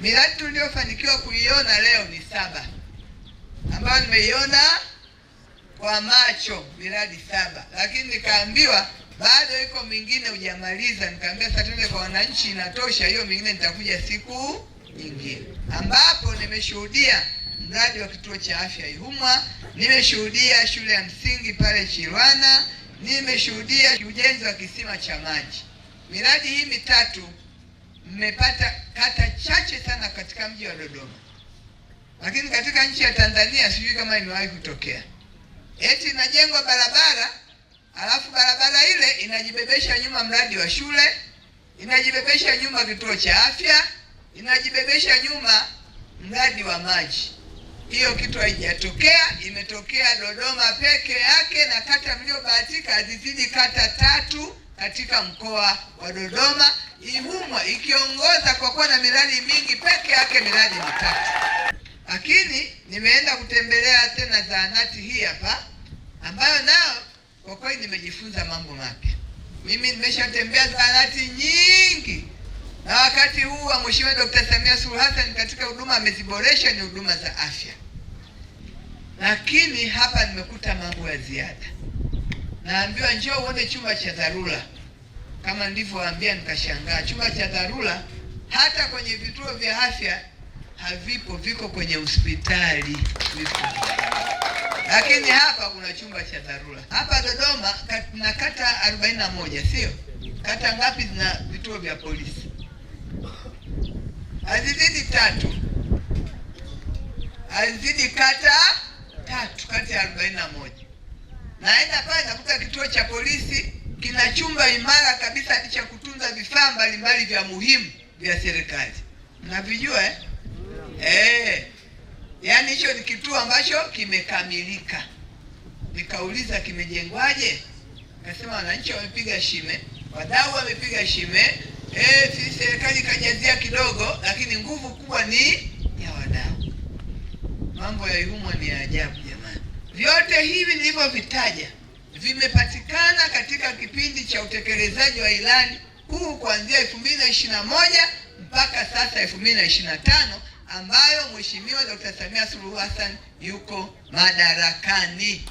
Miradi tuliyofanikiwa kuiona leo ni saba, ambayo nimeiona kwa macho, miradi saba, lakini nikaambiwa bado iko mingine hujamaliza. Nikaambia sasa kwa wananchi, inatosha hiyo, mingine nitakuja siku nyingine, ambapo nimeshuhudia mradi wa kituo cha afya Ihumwa, nimeshuhudia shule ya msingi pale chirwana nimeshuhudia ujenzi wa kisima cha maji. Miradi hii mitatu mmepata kata chache sana katika mji wa Dodoma, lakini katika nchi ya Tanzania sijui kama imewahi kutokea eti inajengwa barabara alafu barabara ile inajibebesha nyuma mradi wa shule, inajibebesha nyuma kituo cha afya, inajibebesha nyuma mradi wa maji. Hiyo kitu haijatokea, imetokea Dodoma peke yake, na kata mliobahatika hazizidi kata tatu katika mkoa wa Dodoma. IHUMWA ikiongoza kwa kuwa na miradi mingi peke yake, miradi mitatu. Lakini nimeenda kutembelea tena zahanati hii hapa, ambayo nao kwa kweli nimejifunza mambo mapya. Mimi nimeshatembea zahanati nyingi, na wakati huu wa Mheshimiwa Dkt. Samia Suluhu Hassan katika huduma ameziboresha, ni huduma za afya, lakini hapa nimekuta mambo ya ziada. Naambiwa njoo uone chumba cha dharura. Kama nilivyowaambia nikashangaa, chumba cha dharura hata kwenye vituo vya afya havipo, viko kwenye hospitali vipo, lakini hapa kuna chumba cha dharura hapa Dodoma na kata 41 sio kata ngapi zina vituo vya polisi? Hazizidi tatu, hazizidi kata tatu kati ya 41. Naenda pale nakuta kituo cha polisi kina chumba imara kabisa cha kutunza vifaa mbalimbali vya muhimu vya serikali. Mnavijua eh? Eh, yaani hicho ni kituo ambacho kimekamilika. Nikauliza kimejengwaje? Akasema wananchi wamepiga shime, wadau wamepiga shime, eh, si serikali ikajazia kidogo, lakini nguvu kubwa ni ya wadau. Mambo ya humo ni ya ajabu jamani. Vyote hivi nilivyovitaja vimepatikana katika kipindi cha utekelezaji wa ilani kuu kuanzia 2021 mpaka sasa 2025 ambayo Mheshimiwa Dr. Samia Suluhu Hassan yuko madarakani.